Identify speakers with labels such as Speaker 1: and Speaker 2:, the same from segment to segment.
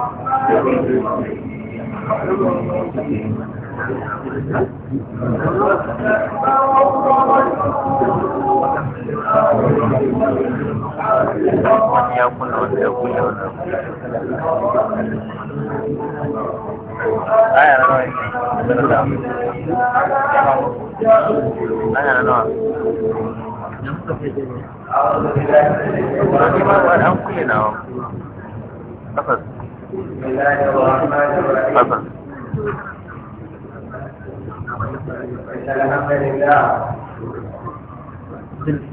Speaker 1: Haya
Speaker 2: nanoa. Haya nanoa.
Speaker 1: Wani ma wani an kulle na wa. Tabbas. حسن الحمد لله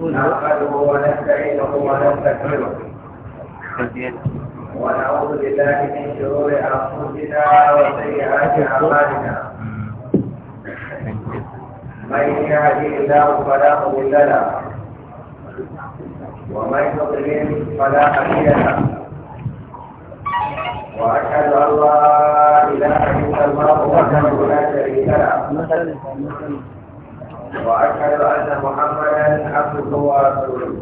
Speaker 1: نحمده ونستعينه ونستغفره
Speaker 2: ونعوذ بالله من شرور انفسنا وسيئات اعمالنا من يهده الله فلا مضل له ومن يضلل فلا هادي له وأشهد أن لا إله إلا الله وحده لا شريك وأشهد أن محمدا عبده ورسوله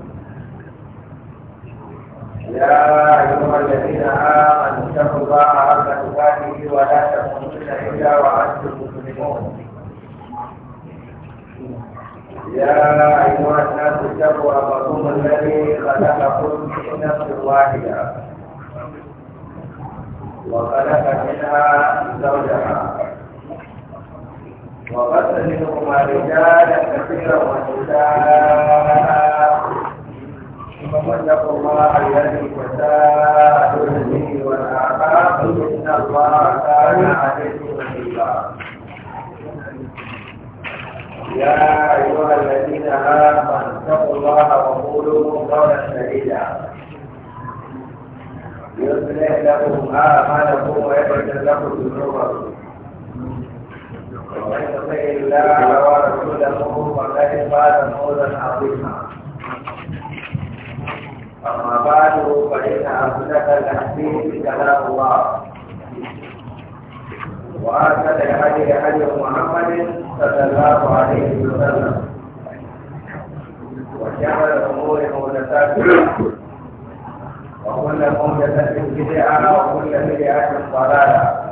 Speaker 2: يا أيها الذين آمنوا اتقوا الله حق ولا تموتن إلا وأنتم مسلمون يا أيها الناس اتقوا ربكم الذي خلقكم من نفس واحدة وخلف منها زوجها وبث منهما رجالا كثيرا ونساء ومن يطع الله ورسوله فقد فاز فوزا عظيما اما بعد فان اصدق الحديث كلام الله واحسن الهدي هدي محمد صلى الله عليه وسلم وشر الامور محدثاتها وكل محدثه بدعه وكل بدعه ضلاله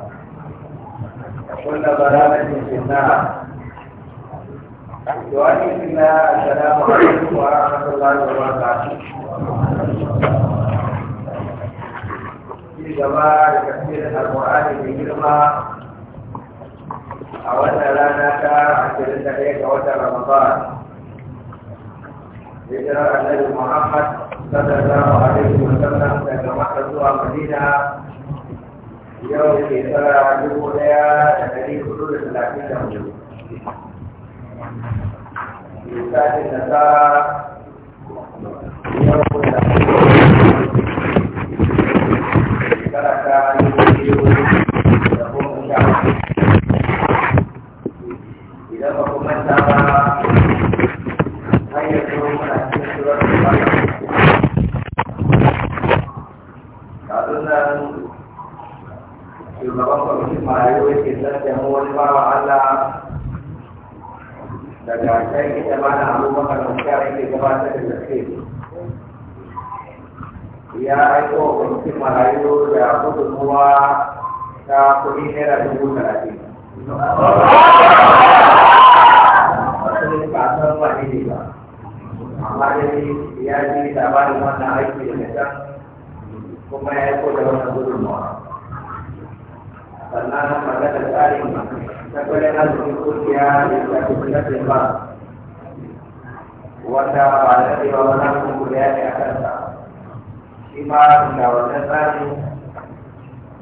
Speaker 2: وكل ضلالة في النار دعائي في الله السلام عليكم ورحمة الله وبركاته في جماعة تفسير القرآن بكلمة أولا لنا كعشرين دقيقة وتر رمضان هجرة النبي محمد صلى الله عليه وسلم من مكة إلى مدينة yau shekara dubu daya da dari hudu da talatin da hudu lissafin nasara
Speaker 1: yau da
Speaker 2: kuɗi naira dubu talatin ba san wani ne ba amma dai ya ji labarin wannan aiki da can kuma ya ko da wannan gudunmawa sannan magana tsarin ta kwallon arzikin kungiya da ta kusurafin ba wanda ba da cewa wani abu da ya ne a kansa shi ma da wannan tsarin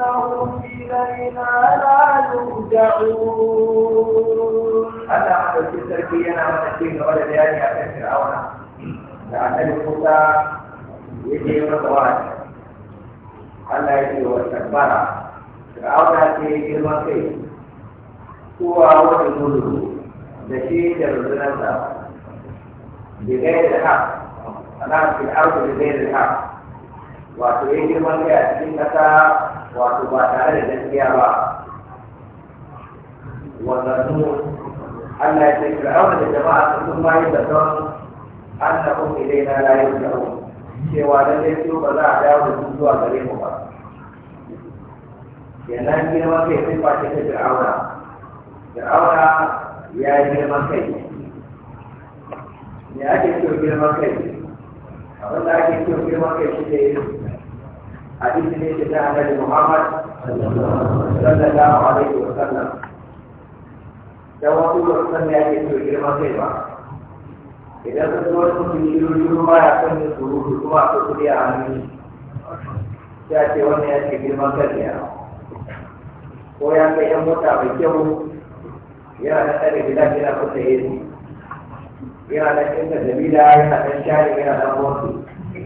Speaker 2: إنهم إلينا لا يرجعون أنا أحد التركي أنا أتكلم ولا دياني أتكلم فرعون لأن موسى يجي مطوات الله يجي واستكبر فرعون في المصير هو أول الملوك نشيد الرزنة بغير الحق أنا في الأرض بغير الحق وأتريد الملكة في wato ba tare da gaskiya ba wanda su Allah ya ce fir'auna da jama'a su sun bayi da don na rayu da ku cewa lallai su ba za a dawo da su zuwa gare mu ba kenan girman kai sun face ta fir'auna fir'auna ya yi girman kai me ake cewa girman kai abin da ake cewa girman kai shi ne حديث ليس عن النبي محمد صلى الله عليه وسلم جواب الرسول يا جيش الكريم إذا تدوركم في الجلوس ما يكون الظروف ما تقول يا عمي ya ce wannan ya ce girman kan ko ya kai yan mota mai kyau yana da tsare gida yana kusa yi yana da inda dabila yana da da motsi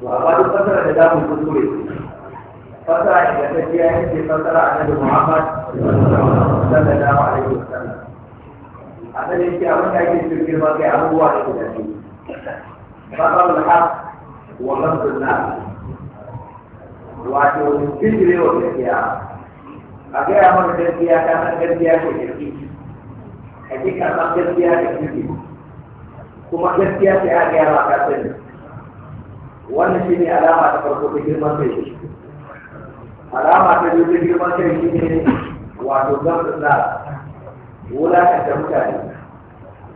Speaker 2: to amma duk fasara da zamu kuskure fasara ingantacciya ita ce fasara annabi Muhammad a alaihi wasallam abin da yake abin da ake cikin girma kai abubuwa da guda biyu fasarul haq wa ghadbun nas wato fitire wa gaskiya a gaya mana gaskiya ta san gaskiya ko kirki a ji ka gaskiya da kuma gaskiya ta ya gaya ma ka sani wannan shi ne alama ta farko ta girman kai alama ta biyu ta girman kai shi ne wato wula na ta mutane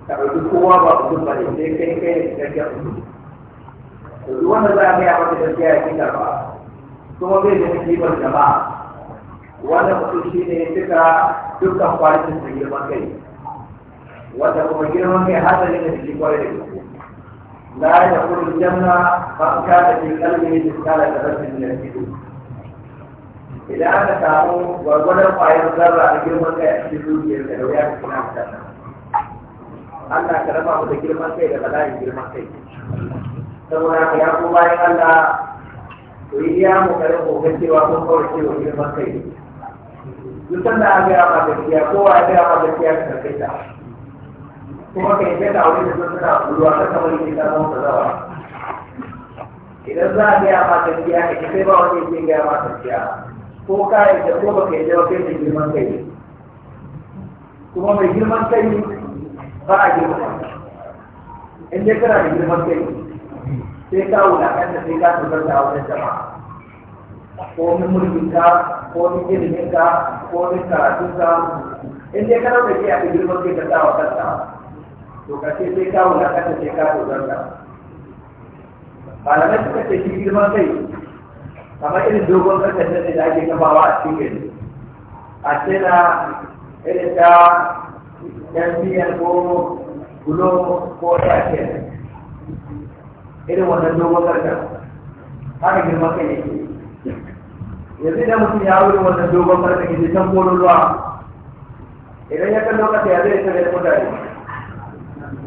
Speaker 2: ka ɗauki kowa ba ku ba bane sai kai kai ne cikakken mutum to duk wanda za a gaya mata gaskiya ya fi ba kuma bai da kimar jama'a wanda mutum shi ne cika dukkan kwalitin ta girman kai wanda kuma girman kai hasali ne da shi kwarai da gaske لا يدخل الجنة من كان في قلبه مثقال ذرة من الكذب إذا أنت تعمل وغدا فاير ذرة لجرمك يحسدون جرمك لو يعرف كلام الجنة Allah ka raba mu da girman kai da bala'in girman kai saboda ka ya ku bayan Allah to yi iya mu kare kokan cewa girman kai duk sanda an gaya ma gaskiya kowa ya gaya ma gaskiya cuma kayaknya tahu itu sebentar dulu ada kalau kita mau berdoa idan za a gaya ma tafiya ka sai ba wani yake gaya ma tafiya ko ka yi da ko ba ka yi da kai da girman kai kuma mai girman kai ba a girman in dai kana da girman kai sai ka wulakanta sai ka tubar da wajen jama'a ko ni mulkin ka ko ni ilimin ka ko ni karatun ka in dai kana da ke a girman kai ka sa wa kanka to ka ce sai ka kasa sai ka tozarta malamai suka ce shi girman kai kamar irin dogon kasar da da ake kafawa a cikin gari a tana irin ta yan ko gulo ko yakin irin wannan dogon karkar haka girman kai yake yanzu idan mutum ya wuri wannan dogon karkar ke jikin kolon ruwa idan ya kan lokacin ya zai tare da mutane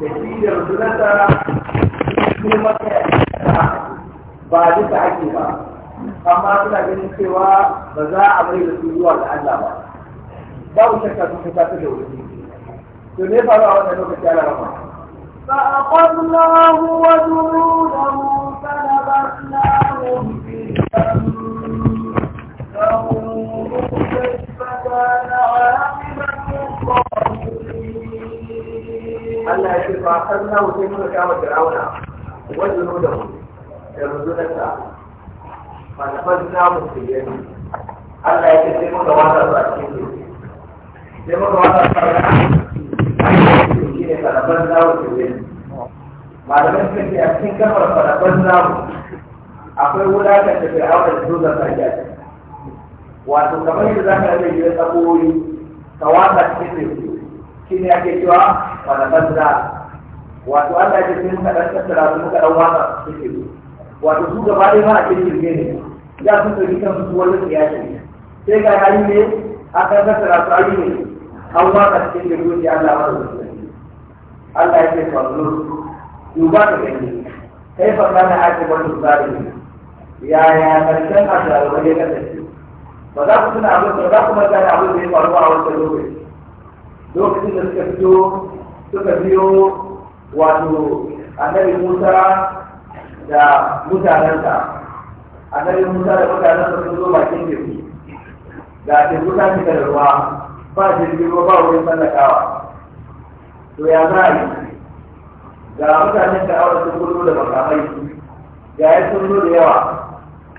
Speaker 2: da shi da rundunarsa su mata ba duka ake ba amma suna ganin cewa ba za a mai da su zuwa ga Allah ba babu shakka sun fita ta da wuri to ne faru a wannan lokaci ana rama فأخذناه وجنوده فنبذناهم في اليم ce na wuce muka kama firauna wajen nuna mu da rundunarsa ba na ban samu su yi Allah ya ce sai muka wata su a cikin su sai muka wata su a cikin shi ne farafan zamu su yi malamin sun ce a cikin kafar farafan zamu akwai wulatar da firauna da zuwa sarki wato kamar yadda za ka rage yi tsakoyi ka wata cikin teku shi ne ake cewa wadatar da wato Allah ya ce muka dan tattara su muka dan waka suke zo wato su gaba ɗaya ba a ce shirme ne ya sun ɗauki kan su wani tsiyashi sai ga hali ne a kan tattara su ayi ne an waka cikin da ruwa Allah ba da wasu Allah ya ce kwallo ba ka gani kai fa na ake wani tsari yaya karshen wani ya kasance ba za ku tuna abin ba za ku mata da abin da ya faru a wancan lokaci lokacin da suka fito suka biyo wato annabi musa da mutanensa annabi musa da mutanensa sun zo bakin teku ga teku ta fita da ruwa ba jirgin ruwa ba wurin tsallakawa to ya za a yi ga mutanen awa sun gudu da makamai ga ya sun zo da yawa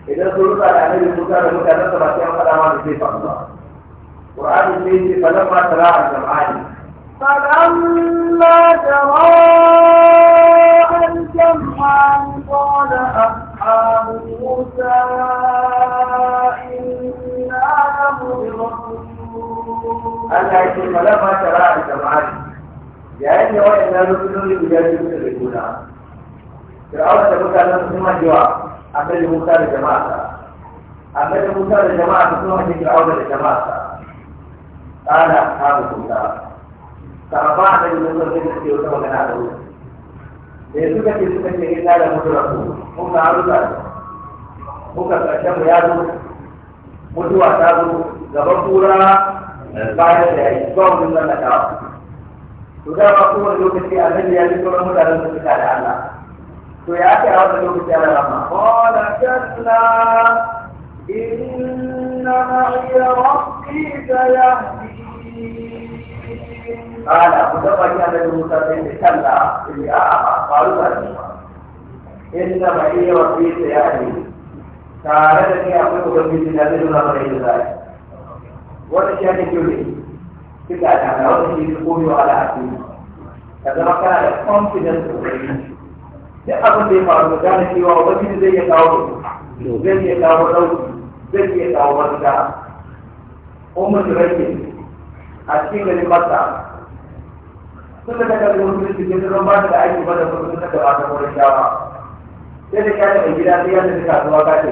Speaker 2: idan sun rusa da annabi musa da mutanensa ba sai an faɗa ma da zai faru ba ƙur'ani sai ce ta tara jama'a ne. فلما تراءى الجمعان قال أصحاب موسى إنا لمدركون أنا يقول فلما تراءى الجمعان yayin da waɗannan rukunoni guda biyu suka da juna fir'auna da mutanen sun majewa annabi musa da jama'a annabi musa da jama'a sun da jama'a a magana muka muka mu mutuwa ta zo gaban kura bayan da ya yi ba wani tsallakawa to da ba kuma lokaci annabi ya ji sauran mutanen da suka da Allah to ya ake a wannan lokaci ana rama qala kalla inna ma'iya ya sayahdi kala ku taba ki annabi Musa sai da kalla sai a a ba ru ba ni inna ma iya wa fi sayani tare da ni akwai ubangiji da zai nuna mana yadda zai wani shi ake kyau ne kika da na wani shi ko biyu ala asiri ka zama kana da confidence ubangiji duk abin da ya faru da gane cewa ubangiji zai iya kawo zai iya kawo ɗauki zai iya kawo wanda umar da rake a cikin gari masa suka daga wani cikin sun ba da aiki ba da kuma suka ba ta wurin shawa sai da kyale mai gida sai ya tafi kasuwa ka ce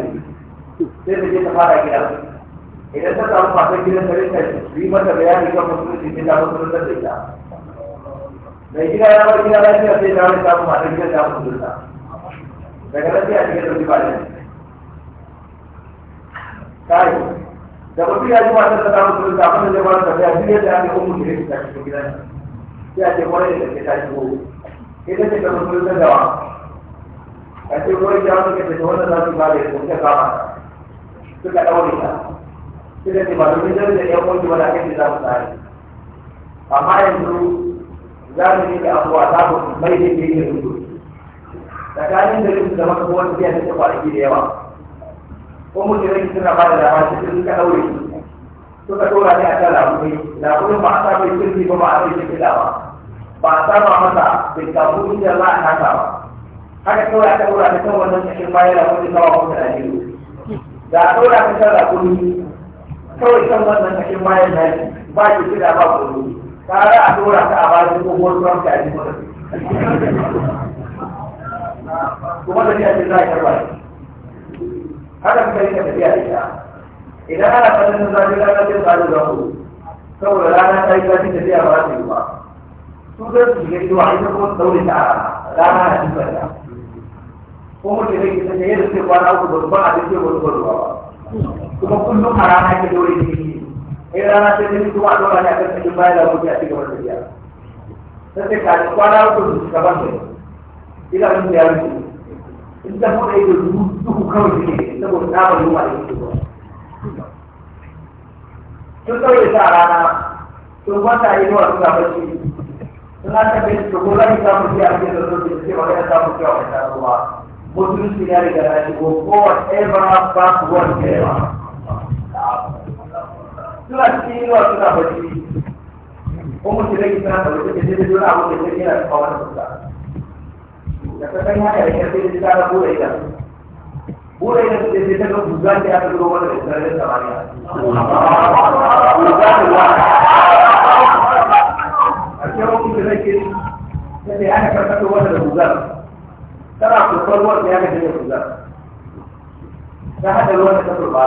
Speaker 2: sai da je ta fara gida idan ta samu masu gidan ta rinka yi mata bayani kan musulunci sai ta musulunta da ita mai gida ya bar gida lafiya sai ta rinka samu masu gidan ta musulunta daga nan sai a cikin ɗauki ba ne kai da mutum ya ji matar ta musulunta abin da zai ba ta tafiya duk yadda ake umu shirin ta cikin gidan ti a ce kwarai da ta shigo sai ka ti ka mutum ta wa a ce ti a ti ka ce za su ba da yanzu ta kama suka ɗaure ta suka ti ba domin zai da yan wani wani za mu tsari amma yanzu za mu yi da abuwa za mai da ke yin rubutu tsakanin da rubutu da maka kowace biya ta kwanaki da yawa ko ti suna ba da dama su suka suka ɗora ne a kan labulai labulai ba a sa mai sirri ba ba a ti la wa. ba a saba masa bai samu inda za a kasa ba haka kawai aka ɗora ta kan wannan kashin bayan da wani kawo kuma da jiro da a ɗora ta kan rakuni kawai kan wannan kashin bayan da ba ki kira ba kuni tare a ɗora ta a bayan tsohuwar tuwon kaji
Speaker 1: kuma da biya ce za a karba
Speaker 2: haka kuma yi ka tafiya da ita idan ana kallon zafi ranar jin tsarin zafi saboda rana ta yi zafi tafiya ba ta yi ba su zai su shiga ido a ita kuma su daure ta a rana na cikin bariya ko mutum zai kisa ne yadda sai kwana uku ba su ban abin ce wasu ruwa ba kuma kullum a rana ke daure ta yi in rana sai zai kuma a daura ne a kan cikin bayan da mutum a cikin bariya sai sai kaji kwana uku su shiga ban bariya ila mun ya rufe in ta bude ido duhu kawai suke saboda na tsabar yunwa da yake ba sun daure ta a rana sun kwanta ido a suka barci Sengaja berdoa kita mesti ada dalam diri oleh kita mesti oleh Allah. Mungkin sekali kerana itu whatever apa buat kita. Sudah sila sudah berdiri. Umur kita kita berdiri jadi dulu aku jadi ni lah kawan kita. Kata saya ada yang kita kita ada boleh kan? Boleh kan kita kita tu bukan dia tu orang yang berada di sana. Bukan bukan. yawancin da zai nake da ne ana karkatar wanda da huzar tana kurkar da ya gaji da huzar ta haɗa ruwan da ta turba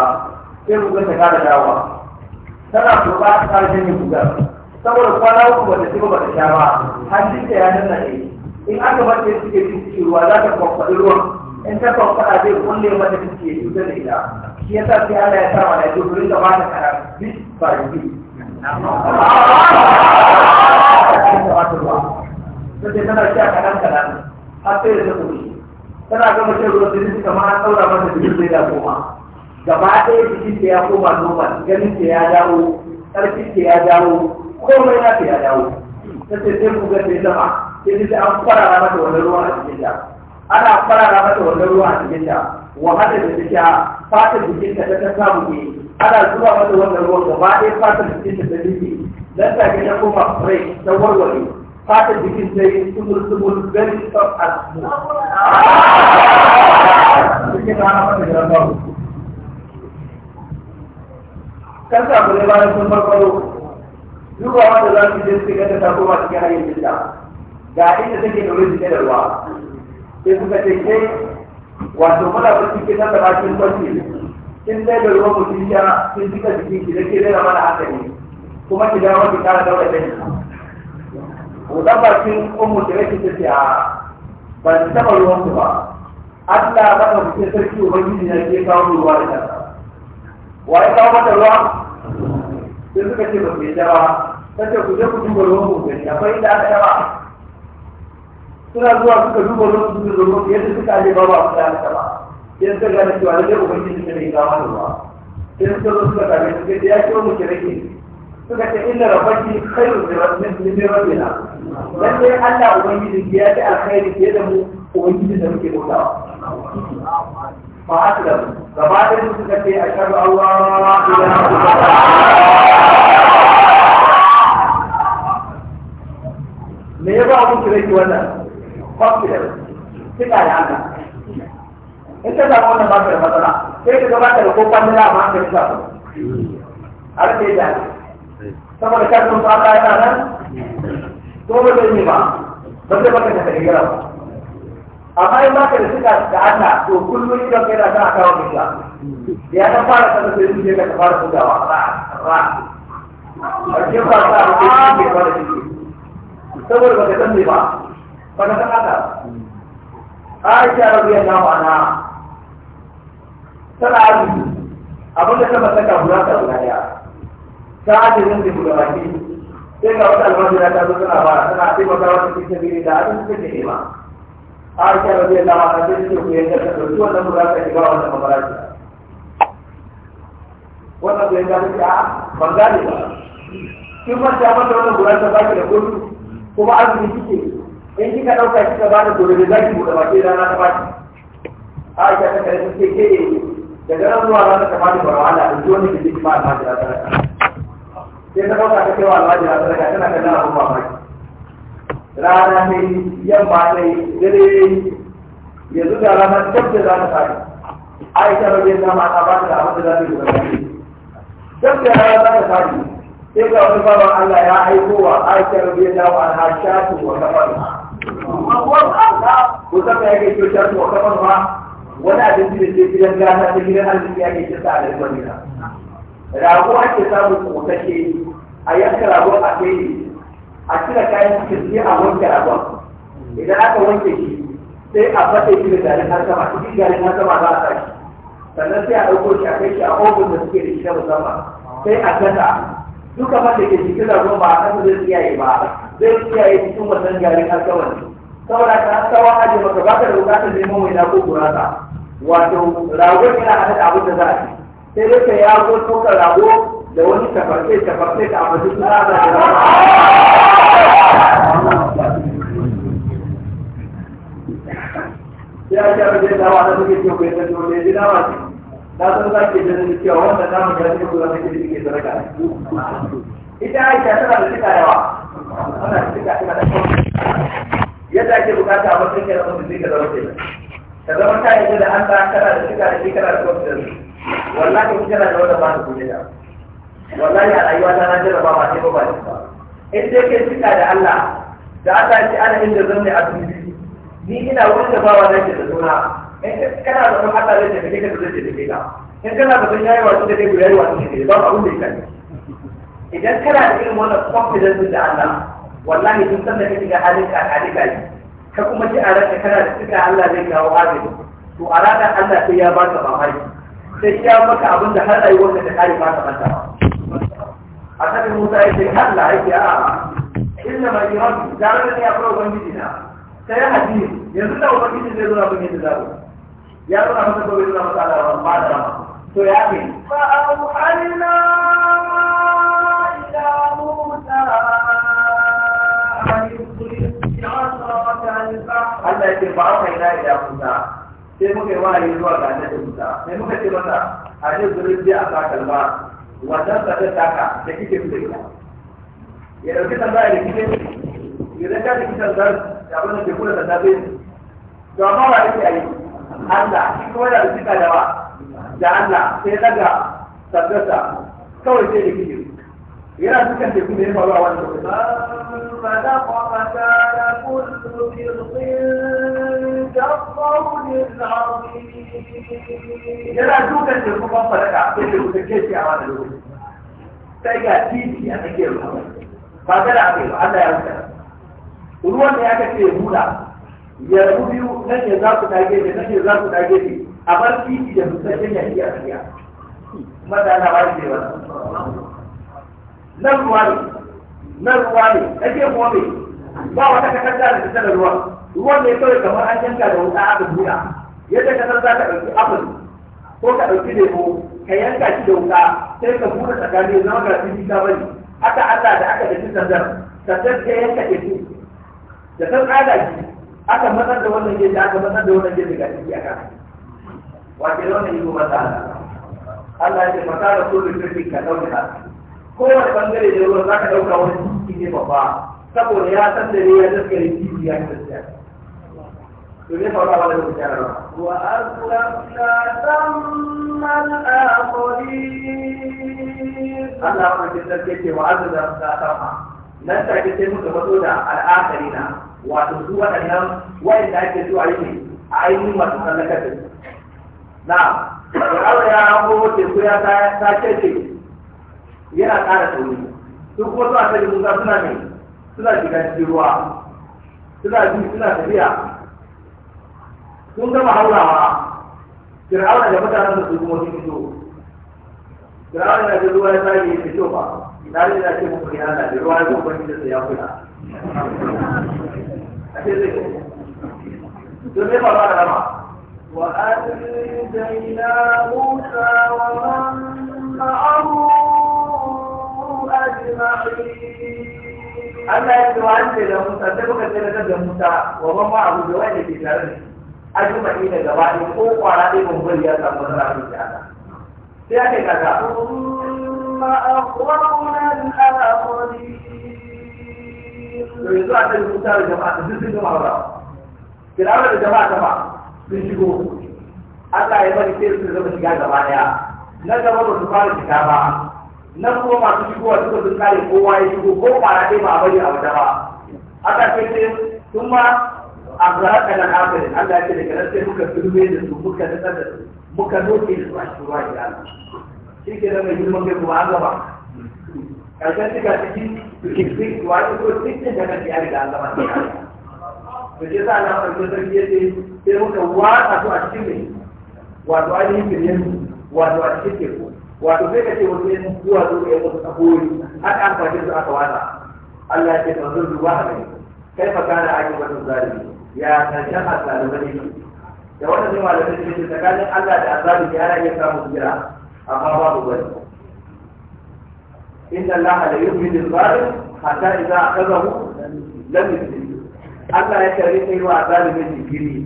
Speaker 2: sai huzar ta kara dawa tana turba ta kara janye huzar saboda kwana uku ba ta shiga ba ta sha ba hannun ta ya nuna ne in aka ba mace suke cikin ruwa za ta kwamfaɗi ruwan in ta kwamfaɗa zai kulle mata cikin cutar da ita shi sa sai Allah ya sa wa da ya turin da ba ta kara bis ba da bis ake taɓa ta ruwa sai tana sha kaɗan kaɗan har sai da kuɗi tana gama shan ruwa sai suka ma saura mata jikin sai da koma gaba ɗaya jikin ta ya koma normal ganin ta ya dawo ƙarfin ta ya dawo komai na ta ya dawo ta ce sai ku ga sai zama sai ta an farara mata wani ruwa a cikin ta ana farara mata wani ruwa a cikin ta wahala da ta sha fatar jikin ta ta samu ne ana zuba mata wannan ruwan gaba ɗaya fatar jikinta ta jike nan da ga kuma fure ta warware fatan jikin sai yi sumul sumul very soft as smooth cikin rana mata da rana kan sa ba da sun farfaro duba wanda za su je su ga ta koma cikin hanyar jinta ga inda take da wurin da ruwa sai suka ce ke wato muna barci ke nan da bakin barci in dai da ruwan mutum ya sun jika jikin ki da ke rera mana hankali kuma ki dawo ki kara daura da ku da bakin ummu da yake tace a ban taba ruwan ku ba Allah ba ka fice sarki ubangiji ya ke kawo ruwa da kansa wa ya kawo mata ruwa sai suka ce ba ke dawa sai ku je ku duba ruwan ku gani akwai inda aka dawa suna zuwa suka duba ruwan su duba ruwan yadda suka je ba ba su da aka ba sai suka gane cewa da ubangiji ne ya kawo ruwa sai suka zo suka kare su ya ce mu kirki suka ce inna rabbaki khairu min rabbina lalle Allah ubangiji ya fi alkhairi fiye da mu ubangiji da muke bautawa fa aslam gaba da su suka ce ashhadu Allah ilaha illallah me ya ba mu kire wannan fakkar kika da Allah ita da wannan ba ta matsala sai ka gabata da kokon da ma ka tsaya har sai da Sama saboda ka sun ta yana nan ko ba zai yi ba ba zai baka da tarihira ba amma in baka da suka da Allah to kullum idan kai da kana kawo kisa ya ta fara sanar da su ne ka fara fitawa ra ra
Speaker 1: ƙarshen ba sa da ke shi
Speaker 2: ke fara saboda ba ka san ne ba ba ka san haka Aisha radiyallahu anha tana arziki abinda ta masaka guda ta guda daya ta ake yin da ke? sai ga wata almajira ta zo tana bara tana taimaka wata cikin sabili da abin suke nema aisha rabiyar lama ta ce ce ku yanka ta ɗauki wannan mura ta shiga wannan mabarashi wannan bai ga take a ban gane ba kin manta mata wannan guran ta baki da kotu, kuma azumi kike in kika dauka kika bada gobe da zaki bude baki rana ta baki Aisha ta kare take ke daga nan zuwa rana ta baki ba wahala in ji wani da kike ba ta da sai ta ɗauka ta kai wa alwaji a sadaka tana kallon abin mamaki rana ne yamma ne dare yanzu da rana tabbata za ta fadi aisha ba zai sama ta ba ta da abin da za ta yi tabbata rana za ta fadi sai ga wani baban Allah ya aiko wa aisha ba zai dawo an hasha su wa kafar ko san me yake kyauta su wa kafar ma wani abinci da ke gidan gata ta gidan ya ke kyauta a da wani rago ake samun tsokashe a yanka rago a kai a cire kayan cikin sai a wanke ragon idan aka wanke shi sai a fata shi da garin har sama cikin garin har sama za a sa shi sannan sai a ɗauko shi a kai shi a ofin da suke da shi na musamman sai a gasa duka fata ke cikin ragon ba a kasa zai tsiyaye ba zai tsiyaye cikin wannan garin har sama ne saboda ka an sawa aje maka ba ka da bukatar neman waina ko gurasa wato ragon yana haɗa abin da za a ci sai dai ya yago ko rago da wani tafarke tafarke da abu duk na da ya ce abin da dawa da suke ce kai da dole ji dawa ce na san za ke jinin cewa wanda na mu gani ko za ka ji ke sadaka ita aisha tana da cika yawa ana da cika tana kuma. yadda ake bukata a matsayin da mutum zai ka zama ka zama ta da an ba kana da cika da shi kana da kwanciyar wallahi in kana da wata ba ta kuɗi da wallahi a rayuwa ta na jarraba ba sai ba ba in dai kai cika da Allah da aka ya ce ana inda zan ne a duniya ni ina wurin da bawa nake da suna in kana da wani Allah zai tafi ka zai tafi ka in kana da wani yayi wasu da kai yayi wasu da kai ba abun da yake idan kana da irin wannan confidence da Allah wallahi duk sanda kake ga halin ka halin ka ka kuma ji a ranka kana da cika Allah zai kawo agaji to a ranar Allah sai ya baka mamaki sai ya maka abin da har rayuwar da ta kare ba ta manta a kan Musa ya ce Allah aiki a inna ma yahdi zaran ne ya fara ubangiji na sai ya hadisi yanzu da ubangiji zai zo na bin yadda zaro ya zo na masa ko bai zo na masa Allah ba da to ya ce fa auhayna ila Musa Allah ya ce ba auhayna ila Musa sai muka yi wahayi zuwa ga da mutu sai muka ce mata a ne zuri biya a ba kalma wannan tsadar taka da kike fi da ita ya ɗauki tambaya da kike idan ka tafi tantar da abin da ke kula da zai to amma ba yake ayi Allah shi kuma da rubuta da wa da Allah sai daga tsadarsa kawai sai da kike yana dukkan teku ne ya faru a wannan lokacin. da yana dukan da kuma sai da titi a ruwa ba Ba Allah ya wuta ruwan da ya kace ya buɗa ya rubi biyu nan ya za ku dage da nan ya za ku dage ne a bar titi da musasshen ya iya tsakiya mata na ba shi ne wannan nan ruwa ne nan ruwa ne ake kuma mai ba wata kakar da ta da ruwa ruwan ne kawai kamar an yanka da wuta aka buɗa yadda ka san za ka ɗauki apple ko ka ɗauki lemo ka yanka shi da wuta sai ka buɗe tsakani zama ga fili ka bari haka Allah da aka tafi sandar sandar ka yanka teku da san tsada shi aka matsar da wannan gefe aka matsar da wannan gefe ga ciki aka wace wannan yi kuma tsada Allah ya ce masa da so kodin kirkin ka ɗauka kowane bangare da ruwan za ka ɗauka wani ciki ne babba saboda ya san da ne ya daskare ciki ya gaskiya وأزلفنا ثم na wato su waɗannan wayanda ake zuwa yi a ainihin masu tsallakar da na fir'auna ya hango teku ya ta kece yana ƙara sauri su kuma a ta musa suna ne suna shiga cikin ruwa suna suna tafiya kun gama haurawa fir'auna da mutanen da su kuma su fito fir'auna na da ruwa ya sage ya fito ba ina ne na ce muku ina na da ruwa ya kuma da sai ya kula a ce zai don ne ba ba da rama وأنجينا موسى ومن معه أجمعين
Speaker 1: Allah ya ce wa an ce da Musa sai kuka
Speaker 2: ce da Musa wa ban ma abu da wani ke tare da shi ajma'i da gaba ne ko kwara ɗaya bambari ya samu nasara mai da Allah sai ake yi kaka ma akwai al-akhirin to yanzu a kan musa da jama'a da sun gama ba firawar da jama'a ta ba sun shigo Allah ya bari sai su zama shiga gaba ɗaya na gaba ba su fara shiga ba na kuma masu shigowa a sun kare kowa ya shigo ko kwara ɗaya ba a bari a wata ba aka ce sai sun a ba a kanan hafirin an da ake da karatun muka turbe da su muka nasar da muka doke da su a shi ruwa gida na shi ke zama girman kai kuma an gaba karshen cika ciki cikin ruwa ta ko cikin da da an da ke sa na farko sarki ya ce sai muka watsa su a cikin mai wato an yi fiye su wato a cikin wato sai ka ce wasu yin zuwa zo ya wasu tsakori haka an kwashe su aka wata Allah ya ce kan zurdu ba a mai kai fa ake wata zalimi ya karshen azalimai ne da wata zai malamai su ce tsakanin Allah da azabi ya ana iya samun jira amma babu wani inna Allah la yuhyi al-zalim hatta idza akhadahu lam yuslim Allah ya kare kai wa azabi ne jikiri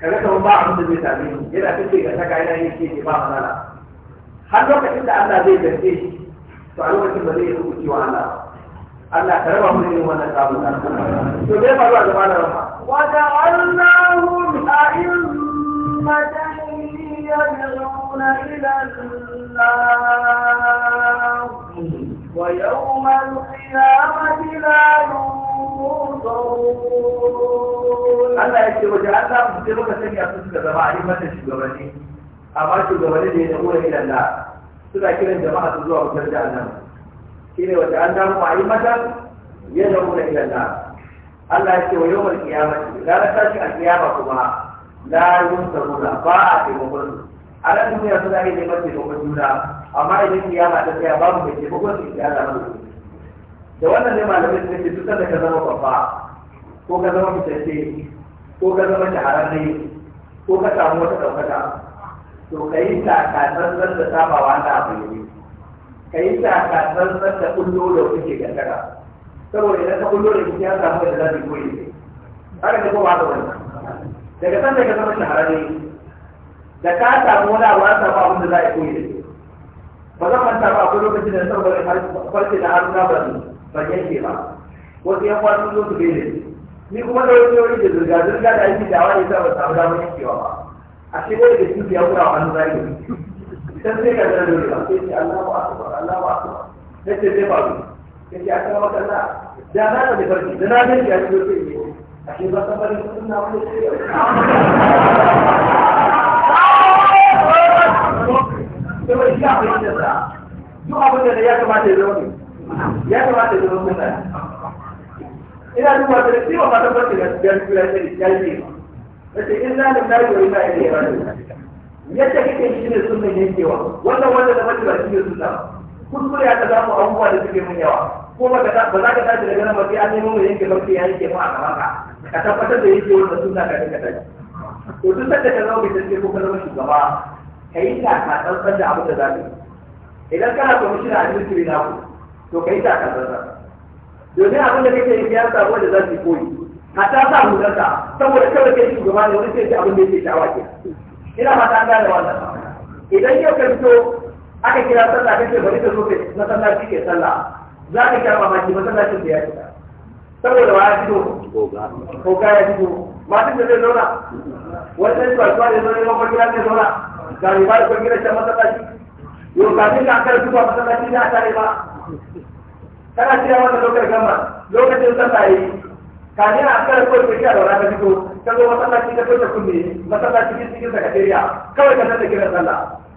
Speaker 2: kaga kamar ba abin da zai same shi yana kace ga saka yana yin shi ba matsala har lokacin da Allah zai zance shi to a lokacin ba zai yi hukunci wa Allah Allah ka raba mu da wannan sabon to me faruwa da malamin وجعلناهم أئمة يدعون إلى النار ويوم القيامة لا ينصرون Allah ya ce wajen an samu sai muka sanya su suka zama a mata shugabanni amma suna kiran jama'a su zuwa wutar da annan shi an samu a ya da ƙura Allah ya ce wa yawmal da la tashi a kiyama kuma la yunsaruna ba a taimakon kullu a nan duniya suna yi neman taimakon juna amma idan kiyama ta tsaya babu mai taimakon su ya zama da da wannan ne malamin suka ce duk da ka zama babba ko ka zama fitacce ko ka zama shahararre ko ka samu wata ɗaukaka to ka yi san da sabawa na abu ne ka yi san da kullu da kuke gangara saboda idan ka kullo da kike ya samu da zafi koyi yi. haka ne ko ba ka wani daga san da ka zama shahararre da ka samu wani abu an samu abin da za a koyi da shi ba zan manta ba akwai lokacin da san saboda farce da haruna ba ne ban yanke ba wasu yan kwanan zo su bele ni kuma da wani yau da zirga zirga da aiki da wani sa ba samu damar yankewa ba a shi ne da shi ya kura wani zai yi sai sai ka zara dole ba sai ce Allahu akbar Allahu akbar sai ce sai ba yake a kan makalla da na da da farki da na ne ya zo sai ne a ke, ba san bari sun na wani sai ya ba shi a fahimta sa duk abin da ya kamata ya zama ya kamata ya zama mutane ina duba da shi ba fatan da ya yi ya yi ya yi yace in na da yi wa ina ilai ba yadda kake shi ne yankewa wannan wanda da mace ba shi ne sunna kuskure ya ta samu abubuwa da suke mun yawa ko ba za ka tashi daga nan ba sai an nemo mai yanke barci ya yanke mu a gaban ka ka tabbatar da yake wannan sunna ka dinka tashi to duk sanda ka zama bincike ko ka zama shugaba ka yi ta ka tsantsan da abin da za ka yi idan kana kwamishina a ministry na ku to ka yi ta ka tsantsan domin abin da kake yi biyar samu da za su koyi hatta sa hudarta, saboda kawai kai shugaba ne wani sai abin da yake sha'awa ke ina fata an gane wannan idan yau ka fito aka kira sallah kake bari ka zo na sallah shi ke sallah za ka sha mamaki masallacin da ya fita saboda wa ya fito ko ka ya fito matan da zai zauna wannan kasuwa da zaune makon gida zai zauna ga riba da gida can masallaci yau ka kafin ka kar zuwa masallaci da aka ba? kana cewa wannan lokacin gama lokacin sallah yi kafin a kar kawai gida da wani ka fito ka zo masallaci ka fito da kunne masallaci cikin sakatariya kawai ka san da kiran sallah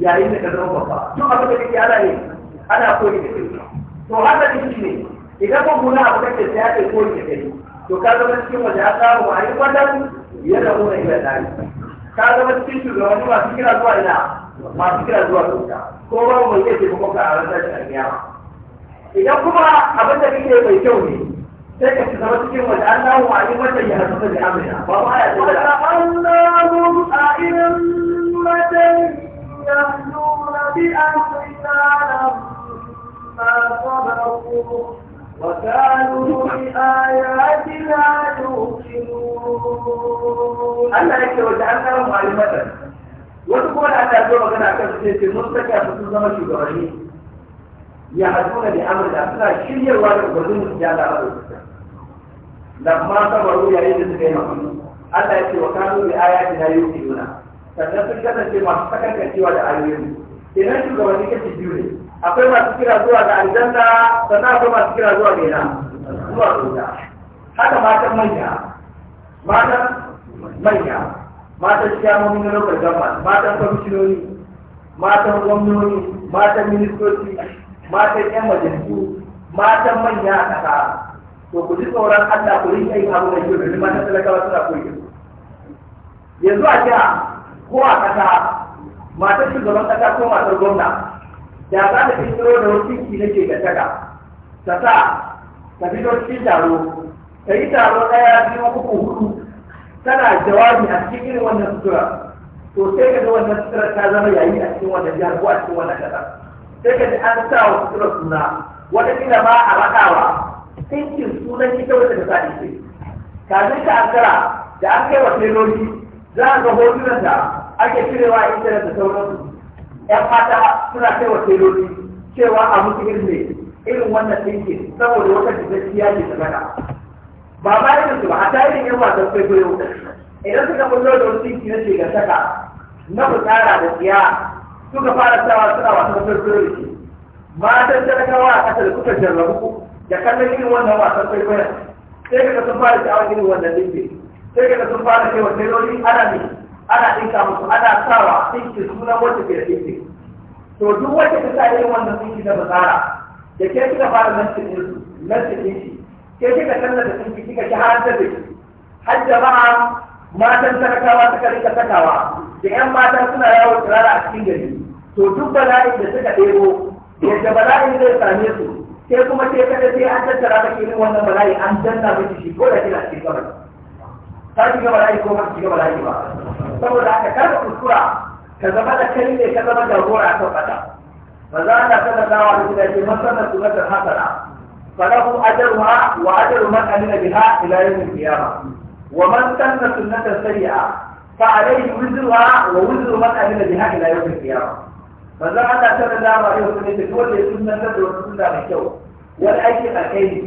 Speaker 2: yayin da ka zama babba duk abin da kake ana ne ana koyi da kai to haka ne ne idan ba gona abu kake sai ake koyi da kai to ka zama cikin waje a samu a yi wannan ya zama na ila dari ka zama cikin shugabanni masu kira zuwa ina masu kira zuwa kuka ko ba mu iya ce kuma ka aranta shi a kiyama idan kuma abin da kake mai kyau ne sai ka zama cikin waje an samu a yi wannan ya zama da
Speaker 1: amina ba ma ya ce da
Speaker 2: Allah a يهلون بأمر لما صبروا وكانوا بآياتنا يوقنون أنا لك وجعلناهم معلمة وتقول أنا أقول لك أنا أكثر في المستكى فتنظم شكراني يهدون بأمر الأسرى شيء وارد وزن جالا لما صبروا يا إذن كيما الله يقول وكانوا بآياتنا يوقنون sannan sun kasance masu sakankancewa da ayoyin idan shugabanni kashi biyu ne akwai masu kira zuwa ga aljanna sannan akwai masu kira zuwa ga ina zuwa haka matan manya matan manya matan shamomi na lokacin gama matan kwamishinoni matan gwamnoni matan ministoci matan yan majalisu matan manya a ƙasa to ku ji tsoron allah ku rinka yin abu da kyau domin matan talakawa suna koyi yanzu a jiha ko a kasa matar shugaban kasa ko matar gwamna da za ta tsoro da wakilci na ke gattaka ta sa ta fito cikin taro ta yi taro ɗaya biyu uku hudu tana jawabi a cikin irin wannan sutura to sai ka ga wannan sutura ta zama yayi a cikin wannan jihar ko a cikin wannan kasa sai ka ji an sa wa sutura suna wata kila ba a raɗawa ɗinkin sunan ita wata da sa ce kafin ka ankara da an kai wa tailori za a ga hotunan ta. ake cirewa a intanet da sauransu ‘yan mata suna kai wa teloli cewa a musu ne irin wannan ɗinkin saboda wata jikakkiya ce ta gana ba ma yi su ba a tarihin yan wasan kwaikwayo idan suka kullo da wasu ɗinki na shiga saka, na fitsara da tsiya suka fara sawa suna wasan kwaikwayo da shi matan talakawa a kasar kuka jarrabu da kallon irin wannan wasan kwaikwayon sai ka sun fara sha'awar irin wannan tinki sai ka sun fara kai teloli ana ne ana dinka musu ana sawa dinki suna wacce ke da to duk wacce ta sa irin wannan dinki na bazara da ke kika fara lantin din su lantin din shi ke kika kalla da dinki kika ki har da dinki har jama'a matan talakawa suka rika sakawa da yan mata suna yawo tsirara a cikin gari to duk bala'in da suka ɗebo yadda bala'in zai same su sai kuma ke kada sai an tattara maki irin wannan bala'i an danna miki shi ko da kina cikin kabari ta shiga bala'i ko ba shiga bala'i ba saboda aka karba kuskura ka zama da kai ne ka zama da gora ka fada ba za ka sanar da wa da ke masana su nasar hasara wa ajru man amina biha ila yawm al-qiyamah wa man sanna sunnatan sayyi'a fa alayhi wizruha wa wizru man amina biha ila yawm al-qiyamah fa za ka sanar da wa yawm al-qiyamah duk wanda ya sunna da wannan da kyau wal aiki alkaini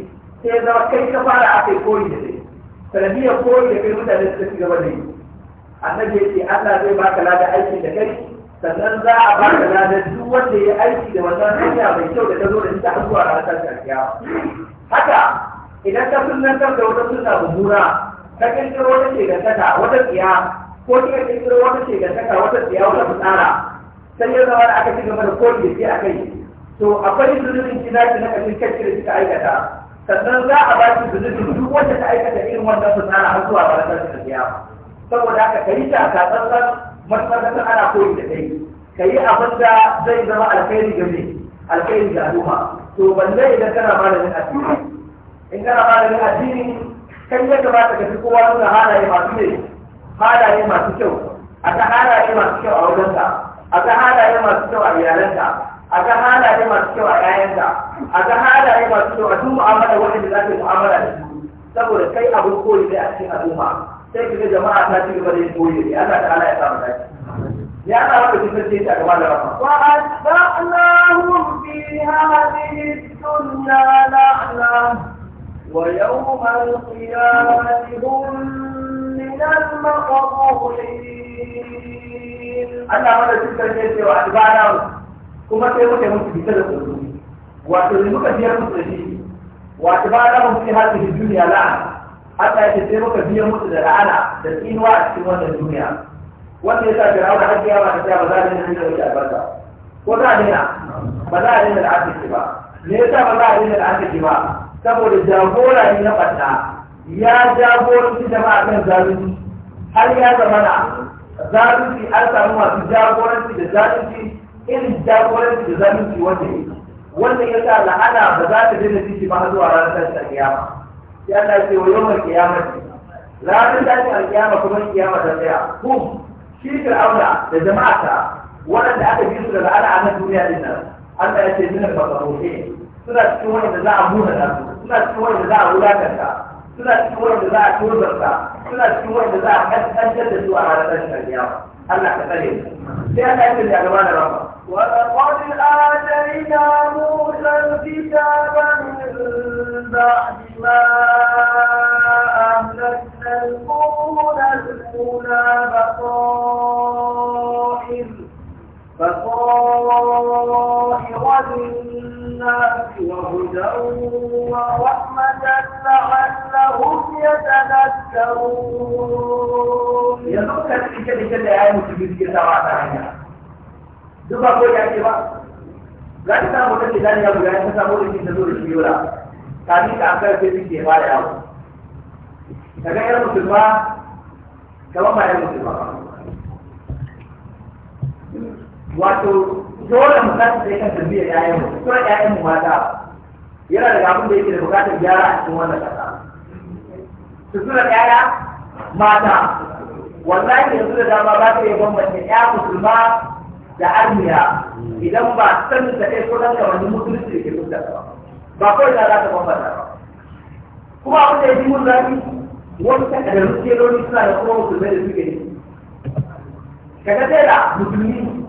Speaker 2: sai da kai ka fara akai koyi da kai sanadiya koyi da kai mutane su ci gaba da yi annabi yake Allah zai baka lada aiki da kai sannan za a baka lada duk wanda ya aiki da wannan hanya mai kyau da ta zo da ita har zuwa ranar tashin haka idan ka sunnantar da wata sunna bubura ka kirkiro wata shegantaka wata tsiya ko kika kirkiro wata shegantaka wata tsiya wata fitsara sai ya zama da aka ci gaba da koyi da a kai to akwai zunubin kina ki na kashin kacce da kika aikata sannan za a ba ki zunubin duk wanda ta aikata irin wannan fitsara har zuwa ranar tashin saboda haka kai ta ka tsantsan matsatsan ana koyi da kai kai abin da zai zama alkhairi ga me alkhairi ga al'umma to balle idan kana malamin addini in kana malamin addini kai ya kamata ka fi kowa nuna halaye masu ne halaye masu kyau a ta halaye masu kyau a wajenka a ga halaye masu kyau a iyalanka a ga halaye masu kyau a yayanka a ga halaye masu kyau a duk mu'amala wanda za ka yi mu'amala da su saboda kai abin koyi ne a cikin al'umma sai ka jama'a ta ci gaba da yin koyi ne Allah ta'ala ya يا رب تفتيت أقوال ربك وأتبعناهم في هذه الدنيا لعنة ويوم القيامة هم من المقبولين أنا هذا ولا تفتيت وأتبعناهم كما تقول كم تفتيت وأتبعناهم في هذه الدنيا لعنة haka ya ce sai muka biya musu da la'ana da tsinuwa a cikin wannan duniya wanda ya sa fir'auna har kiyama ta ba za a daina hanyar wuce albarka ko za a daina ba za a daina da aka ba me ya sa ba za a daina da aka ba saboda jagora ne na ɓanna, ya jagoranci jama'a kan zalunci har ya zama na zalunci an samu masu jagoranci da zalunci irin jagoranci da zalunci wanda ya ya sa la'ana ba za ta daina ciki ba har zuwa ranar tashin kiyama sai Allah ce wa yawan kiyama ne ranar tashin alkiyama kuma kiyama ta tsaya kum shi fir'auna da jama'ata waɗanda aka bi su daga al'adar duniya din nan Allah ya ce minar masarufi suna cikin wanda za a muna da suna cikin wanda za a wulakanta suna cikin wanda za a tozarta suna cikin wanda za a kaskantar da su a ranar tashin alkiyama Allah ka tsare mu sai Allah ya ce da gaba da rama ولقد آتينا موسى الكتاب من بعد ba ko ya ce ba za ta samu ta zani ya guda ta samu da shi ta zo da shi yola ta ni ta akar ce suke ke da yawo ga yar musulma ta ba yar musulma ba wato dole mu san sai kan tarbiyyar yayan mu kuma yayan mu mata yana da abin da yake da bukatar gyara a cikin wannan kasa suna yaya mata wallahi yanzu da dama ba ta yi bambance ya musulma da armiya idan ba sanin da kai ko dan wani mutunci da ke mutta ba ba kawai da za ta bambanta ba kuma abin da ya ji mun zafi wasu takardarun keloli suna da kuma musulmai da suke yi Ka ga da musulmi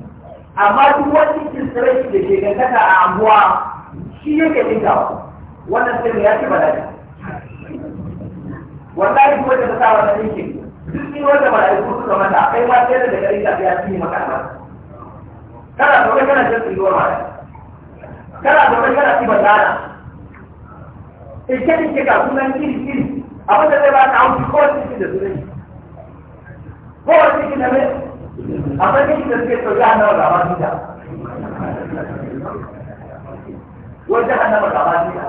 Speaker 2: amma duk wani kirkirai da ke gangata a anguwa shi yake dinka wannan sai ya ce bala'i wallahi kuma da ta sa wannan dinkin duk ni wanda bala'i ko suka mata kai ma sai da daga dinka ya fi maka albarka kana zaune kana jan tsiriwar mara kana zaune kana ci bandana ilke-ilke ga sunan iri-iri abin da zai ba ta hauki kowace ciki da sunan kowace ciki da mai akwai ciki da suke tsoron annawa ga ma duka wajen annawa ga ma duka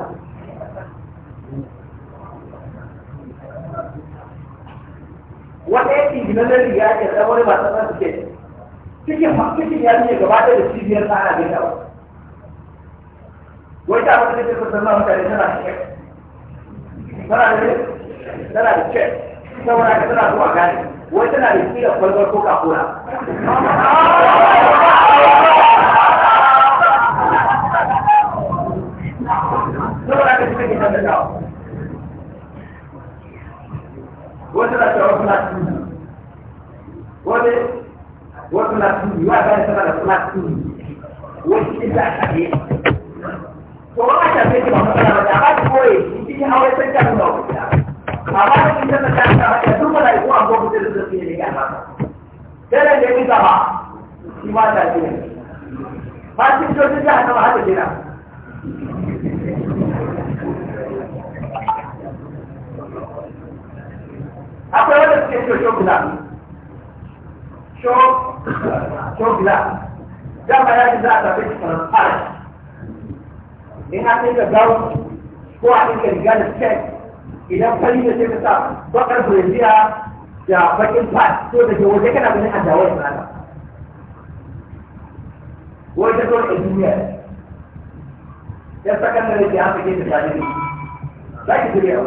Speaker 2: wata yanki ginanar ya ke tsawon masu suke cikin cikin yarinya gaba da cibiyar tsara bai dawo wai ta abin da ke kusan ma mutane tana da cek tana da cek tana da cek saboda ka tana zuwa gane wai tana da kira kwalbar coca cola
Speaker 1: saboda ka cikin gidan da dawo
Speaker 2: wai tana cewa kuna cikin wani wasu na tuni wa bayan sama da suna tuni wasu shi za a shafe to ba a shafe shi ba matsala ba da ba shi koye shi shi hawa sai ta nuna wa kuta ba ba shi ta ta ta ba ta duk mala ko an gobe da zai ne ga ba dare da ni gaba shi ma ta ce ba shi to shi ta ta ba haka kira akwai wanda suke cikin shokuta show glass ya ce za a in ko a ɗinka riga idan fari da sai sa bakar brazil da bakin pad ko da ke waje kana ganin a wai da duniya ya saka da ke da ne, za ki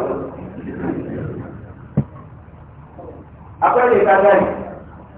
Speaker 2: akwai da ya ka gani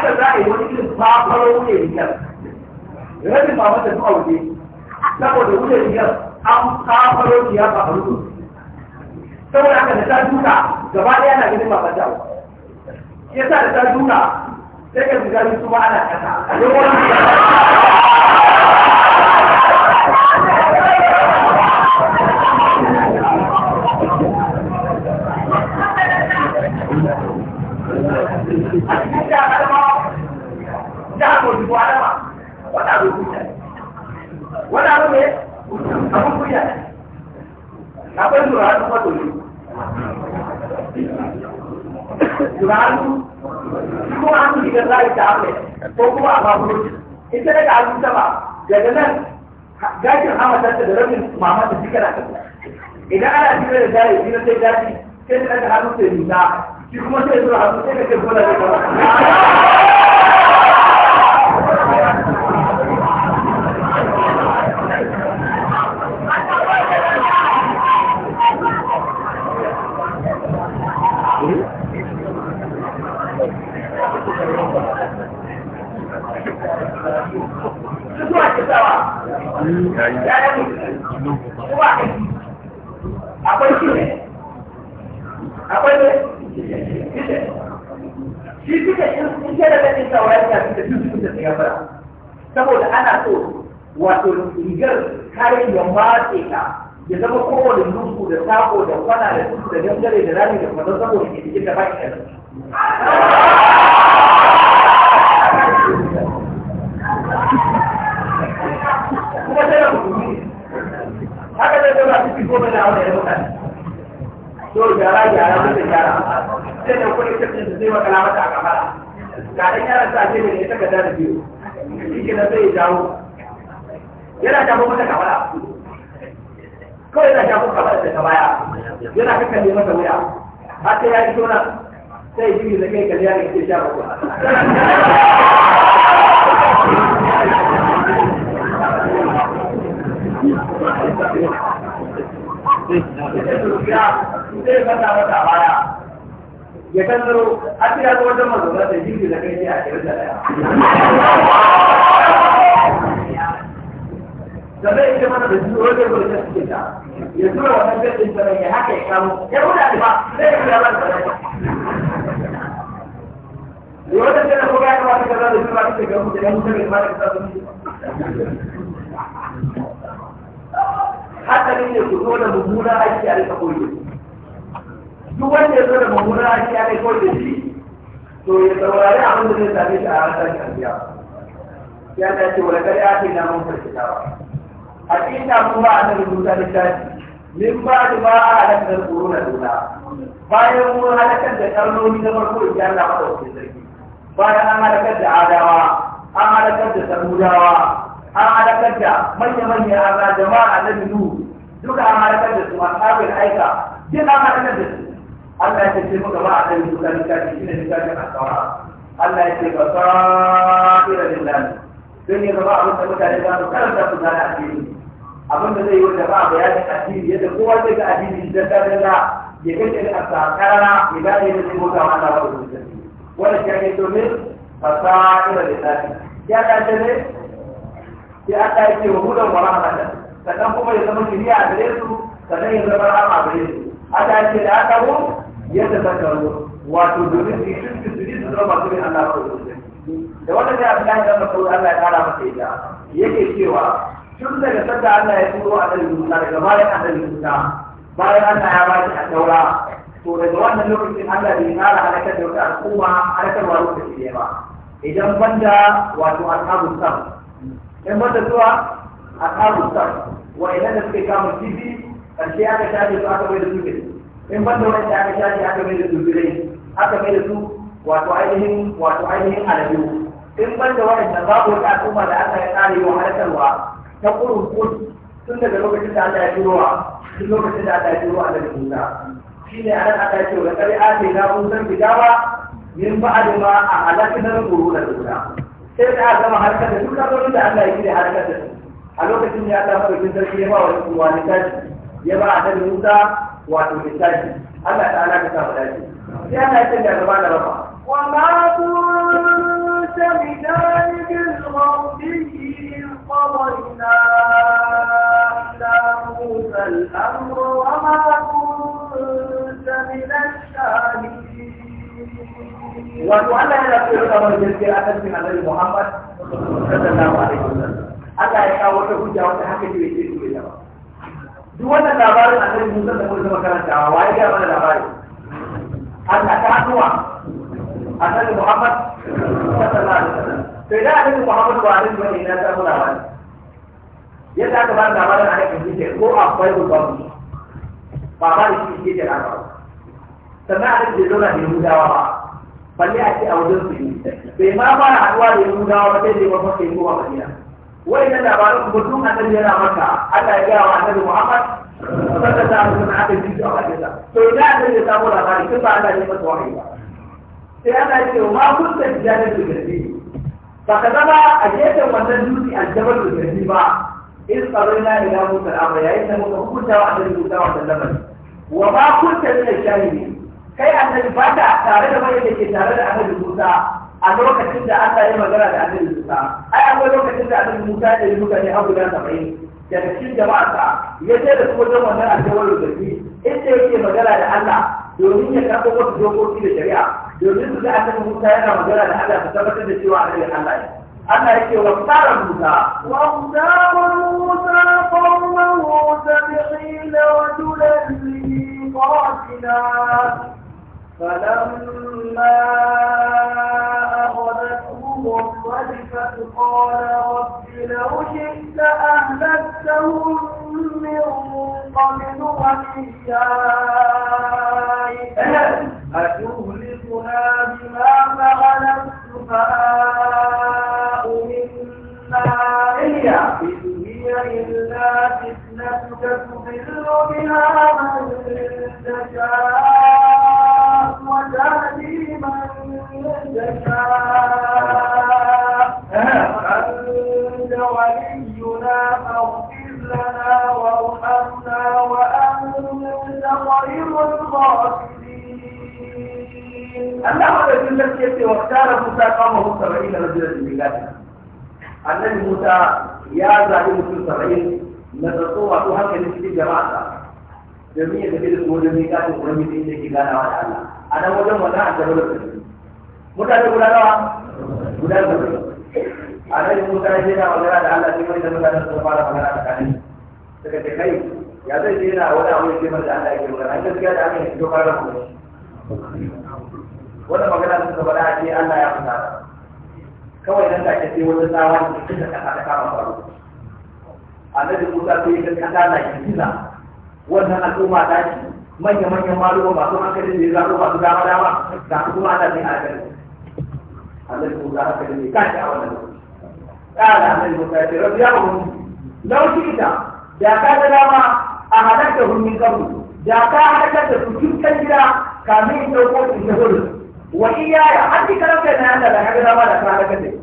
Speaker 2: haka za a yi wani irin fafaro wuce rigar rabin ba mata zuwa waje saboda wuce rigar an fafaro shi ya ba a rukun saboda haka da ta duka gaba ɗaya na ganin ba ta ya sa da ta duka sai ka zuga su ba ana kasa
Speaker 1: Thank you.
Speaker 2: jihar Bauchi ko Adama wani abu kuya ne wani abu ne abun kuya ne akwai turanu matoli turanu ko an su diga zai ta abu ko kuma a babu ita daga abu ta ba daga nan gashin hamatarta da rabin mamata duka na kasa idan ana cikin da jari biyu sai gashi sai ta daga hannu sai nuna shi kuma sai zuwa yi sai ka ce bola da kama
Speaker 1: akwai shi ne
Speaker 2: akwai shi in saurari ta saboda ana so wato rigar kare ya matse ka ya zama kowane nufu da sako da kwana da tutu da gangare da rami da kwanar saboda ke cikin da ba ki yana wanda ya mutane sai da yi da mata a kamara da kawai yana kamara da ta baya yana kakkalle mata wuya har ya sai jini da kai kalli ya ne ke sha bakwai sai fata mata ya a cikin ga wajen mazauna da jirgi da kai a cikin da daya zama mana da jirgi wajen wajen suke ta ya tura wannan gajin sanar ya haka ya kamo ya wuda ba zai yi da wani sanar ya wata ce kuma ya kamata ka zama da jirgi ba ta gamu da yan mutane ba da kasa sun haka ne ku zo da mummunan aiki a rika koyi duk wanda ya zo da mummunan aiki a rika koyi shi to ya saurari abin da zai same shi a ranar kanziya ya ta ce wani kare ake na mun farkita ba A hakika mun ba a nan rubuta shafi. min ba da ba a halakar korona duna bayan mun halakar da karnoni na farko ya na fada wasu sarki bayan an halakar da adawa an halakar da samudawa an halakar da manya-manya a jama'a na biyu duka an halakar da su ashabin aika duk an halakar da su Allah ya ce muka ba a kan duka littafi shine littafin asawara Allah ya ce ba sa'ira lillahi sun yi gaba abin da mutane za su karanta su gane addini abin da zai yi wanda ba a bayanin addini yadda kowa zai ga addini da dangana ya kace da asakara ya gane da zai mota ma Allah ba su da wanda shi ne domin ba sa'ira lillahi ya kace ne sai aka yi ce wa hudan wa rahmatan sannan kuma ya zama shirya a gare su sannan ya zama rama a gare su aka ce da aka mu yadda zakaru wato domin su yi cikin su ji su zama masu yin Allah ko da wannan ne abin da ya zama sauri Allah ya kara masa ita yake cewa tun daga sanda Allah ya turo a nan Musa daga bayan annabi Musa bayan Allah ya bashi a taura to daga wannan lokacin Allah bai kara halakar da wata al'umma halakarwa lokaci ne ba idan banda wato al'abun sam in banda zuwa A ashabu sa wa ina da suke kama kifi karshe aka shafe su aka bai da su ne in ban da wanda aka shafe aka bai da su ne aka bai da su wato ainihin wato ainihin alabiyu in ban da wanda babu wata al'umma da aka yi tsari wa halakarwa ta kurun kudu tun daga lokacin da aka ya ji ruwa tun lokacin da aka ya ji ruwa da Musa shi ne a nan aka ce wa kare ake na musan fitawa min ba'adin ma a halakinar quruna da guda sai da aka zama harkar da duk kabarin da Allah ya ji harkar da su a lokacin ne Allah madaukin sarki ya ba wa su wani tashi ya ba a dan Musa wato littafi Allah ta ala ka sa mu dace sai Allah ya canja gaba da rafa wa ma kunta bidarik al-ghadbi qadayna ila Musa al-amr wa ma kunta min ash-shahidin wa Allah ya rafa da wani jirgi a kan Annabi Muhammad sallallahu alaihi wasallam Allah ya kawo wata hujja wata haka ke yake so da ba duk wannan labarin annabi Musa da Musa makarantawa waye ga wannan labarin Allah ta A annabi Muhammad sallallahu alaihi wasallam to idan annabi Muhammad ba annabi bane na ta mu labarin yadda aka ba labarin annabi ne ko a akwai babu ba ba shi ke da labarin sannan a da zauna da yahudawa ba balle a ce a wajen su yi bai ma fara haduwa da yahudawa ba sai dai wasu kai ba madina wannan labarin kuma duk annabi yana maka Allah ya gaya wa annabi Muhammad sallallahu alaihi wasallam aka ji shi a hadisa to idan annabi ya samu labari kin ba Allah ya masa wahayi ba sai Allah ya ce ma kunta jiyanin da gaske ba ka zama a gefen wannan dutse a jabar da gaske ba in tsarina ila da amma yayin da muka hukunta wa annabi Musa wa lamarin wa ma kunta min shahidi kai annabi ba ta tare da mai da ke tare da annabi Musa a lokacin da aka yi magana da annabi Musa ai akwai lokacin da annabi Musa ya yi mutane har guda saba'in daga cikin jama'a ya ce da su wajen wannan alkawar rubutu inda yake magana da Allah domin ya karɓo wasu dokoki da shari'a domin su ga annabi Musa yana magana da Allah su tabbatar da cewa annabi Allah ne Allah yake wa tsara Musa wa tsara Musa qawmahu sab'ina wa dulan qatila فلما والصدفة قال رب لو شئت أهلكتهم من قبل وإياي أتهلكنا بما فعل السفهاء منا إن هي إلا فتنتك تضل بها من تشاء وتهدي من تشاء أنت ولينا فاغفر لنا وارحمنا وأنت خير
Speaker 1: الغافلين الله عز وجل يأتي واختار موسى
Speaker 2: قومه سبعين رجلا من بلاده النبي موسى يا زعيم في سبعين نتصور هكذا في جماعته domin ya tafi da su wajen mai kafin kurami da inda ke ganawa da Allah a nan wajen wannan a jabalar da mutane guda nawa guda gaba annabi Musa ya ce yana magana da Allah sai wani da mutanen sun fara magana tsakanin suka ce kai ya zai ce yana wani abu ya ce masa Allah ya ke magana an gaskiya da Allah ya fito fara kuma wannan magana sun ka faɗa ce Allah ya fita kawai nan take sai wani tsawa da ta kasa ta kama faru annabi Musa sai ya kasa na kiza wannan al'umma ta ce manya-manyan maluma masu hankali ne zaɓo masu dama-dama da kuma ana ne a gari annabi Musa haka ne kashi a wannan قال عن المسافر رضي الله عنه لو شئت يا كان داما أهلكتهم من قبل يا كان هلكتهم كم كجرا كامل توقف الشهور وإياي حتى كلام كان هذا لا كان داما لا كان هلكته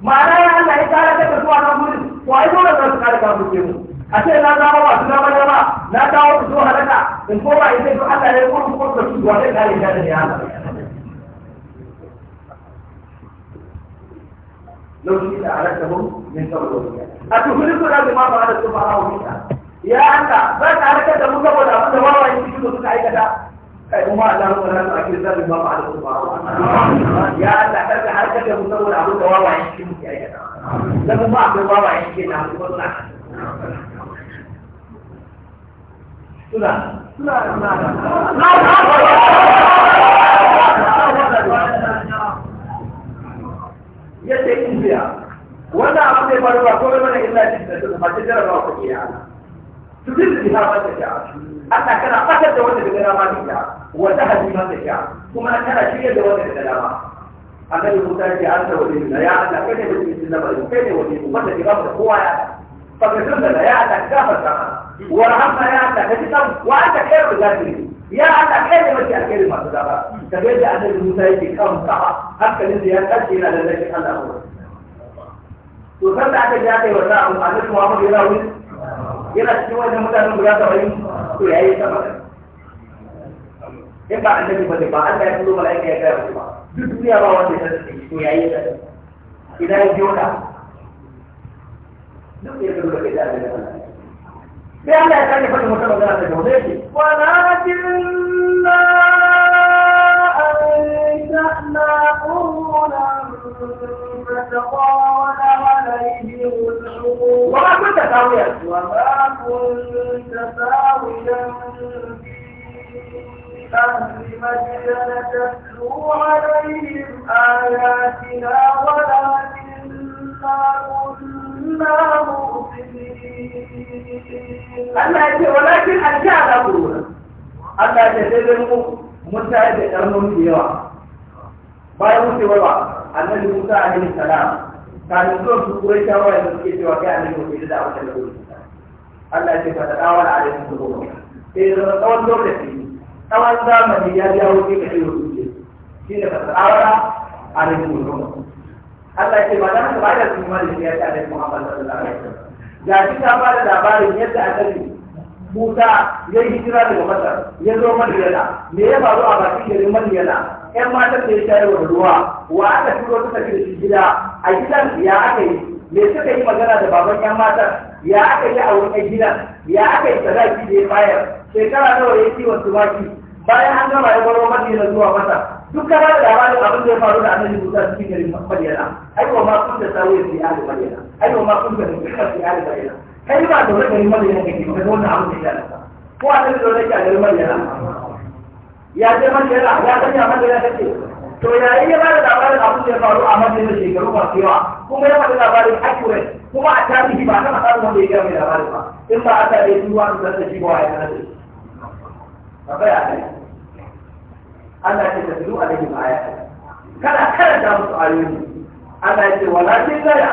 Speaker 2: ma'ana ya Allah ya kare ka zuwa nan gurin to ai dole za su kare ka gurin mu a ce na zama ba na bane ba na kawo su zo halaka in ko ba ita to Allah ya kuma ko da da لو شئت أعلنتهم من قبل وإياك أتخلق الأرض ما فعل السفهاء منها يا أنت بس عليك تموت ولا أنت ما رأيت في جدوس عليك وما أدام ولا أكيد ذلك ما فعل السفهاء يا أنت حتى عليك تموت ولا أنت ما رأيت في جدوس عليك لكن ما أعمل ما رأيت في جدوس عليك سلام سلام سلام ya ce in biya wannan abu zai faru ba kome mana illa shi da su mace jarabawa ta ke yana su zai su biya mata sha Allah kana fatar da wanda daga dama ta wanda wata hajji mata sha kuma an kana shirya da wanda daga dama annabi Musa ya ce an ta wani na ya Allah kai ne mutum sun na bari kai ne wani wanda ke bamu da kowa ya fagasar da ya Allah ka gafarta warhamma ya Allah ka ji kan wa aka kai da zaki ya Allah kai da mafi alkhairi masu gaba ka ga yadda annabi Musa yake kan kafa hankalin da ya tashi yana da lafiya Allah ko to san da aka ji aka yi wa sa'u annabi Muhammad yana wuri yana cikin wannan mutanen guda saba'in to yayi sama in ba annabi ba ba Allah ya turo mala'ika ya kai ba duk duniya ba wanda ya sani to yayi sama idan ya ji wata. duk ya turo da kai da Allah بأن لا يكلف المسلم ذات الجهود ولكننا أنشأنا قرونا فتطاول عليهم الحقوق وما كنت ساويا وما كنت ساويا أهل مدينة تتلو عليهم آياتنا ولكننا كنا مرسلين Allah ya ce walakin an sha Allah ku Allah ya ce sai mu mun tare da karnon da yawa bayan wuce wa annabi Musa alaihi salam kafin zuwan su kurai shawa yanzu suke cewa kai annabi Musa da abin da ku Allah ya ce ba ta fa tadawa alaihi salam sai da tsawon lokaci tsawon zamani ya jawo ke kashe wasu ce shi ne ba ta fa tadawa alaihi salam Allah ya ce ba za dan ba da su ma da ya ce alaihi Muhammad sallallahu alaihi wasallam ga shi ta ba labarin yadda a sani Musa ya yi hijira daga Masar ya zo Madiyana me ya faru a bakin garin Madiyana Yan matan da ya shayar da ruwa wa aka turo ta tafi da shi gida a gidan ya aka yi me suka yi magana da baban yan matan ya aka yi a wurin gidan ya aka yi sadaki da ya bayar shekara nawa ya kiwon tumaki bayan an gama ya baro Madiyana zuwa Masar duk kana da labarin abin da ya faru da annabi Musa cikin garin Madiyana ai wa ma kun da sawo ya fi da Madiyana أيوة ما كنت بتفكر في هذا الشيء kai ba da wani mai yana kake ba da wannan abin da ya lafa ko a da wani kyalar mai yana ya ce mai yana ya san ya mai yana kake to ya yi ba da labarin abin da ya faru a madina shekaru ba yawa kuma ya faɗi labarin accurate kuma a tarihi ba ta faɗa wanda ya gaya mai labarin ba in ba a ta da yi wani zanta shi ba ya kana da shi ba bai kai Allah ce ta zuwa da yi kana karanta musu ayoyi Allah ya ce wala ce gaya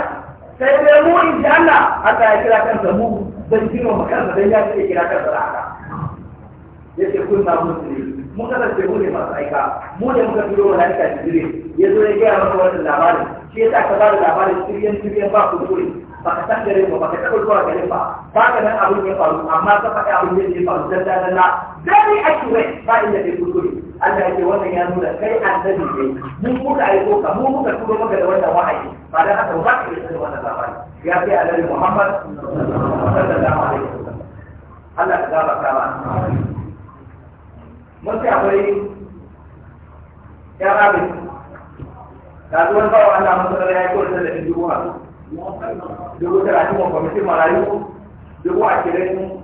Speaker 2: sai dai mu in ji Allah Allah ya kira kansa mu dan jiro makansa dan ya ce kira kansa da haka yace kun na musulmi mun kasance mu ne masu aika mu ne muka biyo malaika jibril ya zo ya gaya maka wannan labarin shi yasa ka ba da labarin tiryan tiryan ba ku dole ba ka san gare ba ba ka taɓa zuwa gare ba ba ka nan abin ya faru amma ka faɗi abin ya faru dan dan na, da ni ake wai ba inda kai kuskure Allah yake wannan ya nuna kai annabi ne mu muka aiko ka mu muka turo maka da wannan wahayi ba dan haka ba ka iya wannan labari ya ce annabi Muhammad sallallahu alaihi wasallam Allah ka gaba kama mun ce akwai ya rabi da zuwan bawa Allah mun sanar ya aiko da dubu ha dubu talatin wa kwamitin marayu dubu a ashirin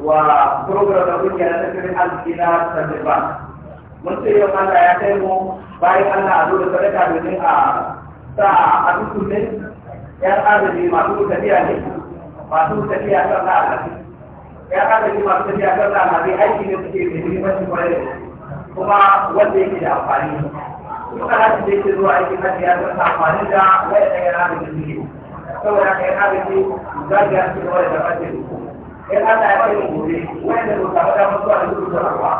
Speaker 2: wa program da kuke na tattalin arziki na Sandibar mun ce yau Allah ya kai mu bayan Allah a zo da sadaka domin a sa a dukkan ne yan arziki masu tafiya ne masu tafiya kan na alaƙi yan arziki masu tafiya kan na alaƙi aiki ne suke da muhimmanci kwarai kuma wanda yake da amfani duka hajji da yake zuwa aikin hajji ya zama amfani da waya ɗaya na da ne. saboda haka yan arziki za ki yanki da waya da ɓace yan Allah ya kai mu gobe waya da ba ta faɗa mutuwa da duk da rawa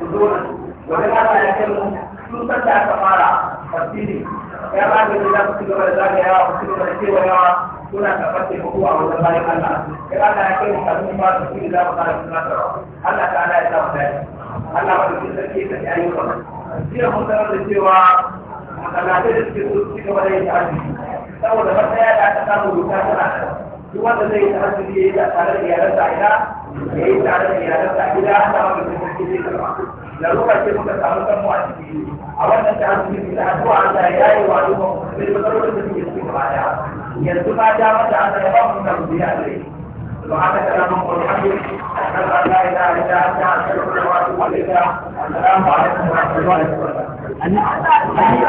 Speaker 2: ku zo da su wani kasa ya kai sun san da aka fara tafsiri ya ba da za ku cigaba da yawa, su cigaba da cewa yawa, suna karɓar taimako a wajen bayan Allah ya ba da ya kai mu kafin fara tafsiri za mu fara tunatarwa Allah ta ala ya sa mu dace Allah ba da ke sarki ya tafi ayyukan jiya mun sanar da cewa masalatai da suke so su cigaba da yin ta'azumi saboda matsaya da aka samu doka tana da duk wanda zai yi ta'azumi ya yi tare da iyalansa a gida ya yi tare da iyalansa a gida ta ba da ke sarki zai karɓa da lokacin muka samu kanmu a ciki a wannan ta hannu da addu'a Allah ya yi wa duk musulmi da lokacin da suke cikin baya yanzu ma da mata Allah ya ba mu tarbiya ne سبحانك اللهم وبحمدك أشهد أن لا إله إلا أنت أستغفرك وأتوب إليك السلام عليكم ورحمة الله
Speaker 1: وبركاته